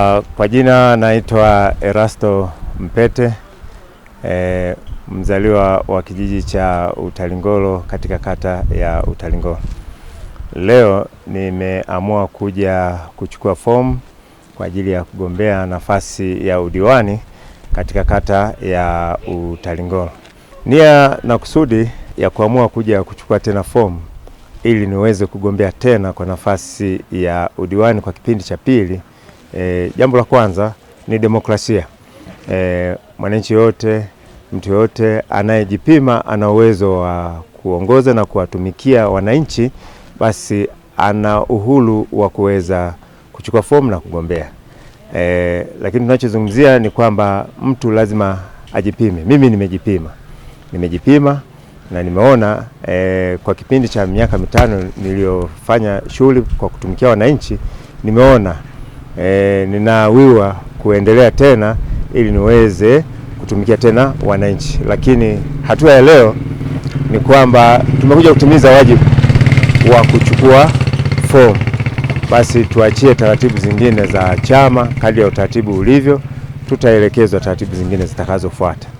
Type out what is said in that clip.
Uh, kwa jina naitwa Erasto Mpete e, mzaliwa wa kijiji cha Utalingolo katika kata ya Utalingolo. Leo nimeamua kuja kuchukua fomu kwa ajili ya kugombea nafasi ya udiwani katika kata ya Utalingolo. Nia na kusudi ya kuamua kuja kuchukua tena fomu ili niweze kugombea tena kwa nafasi ya udiwani kwa kipindi cha pili E, jambo la kwanza ni demokrasia. E, mwananchi yote, mtu yoyote anayejipima ana uwezo wa kuongoza na kuwatumikia wananchi, basi ana uhuru wa kuweza kuchukua fomu na kugombea. E, lakini tunachozungumzia ni kwamba mtu lazima ajipime. Mimi nimejipima, nimejipima na nimeona e, kwa kipindi cha miaka mitano niliyofanya shughuli kwa kutumikia wananchi nimeona e, ninawiwa kuendelea tena ili niweze kutumikia tena wananchi. Lakini hatua ya leo ni kwamba tumekuja kutimiza wajibu wa kuchukua fomu, basi tuachie taratibu zingine za chama. Kadri ya utaratibu ulivyo, tutaelekezwa taratibu zingine zitakazofuata.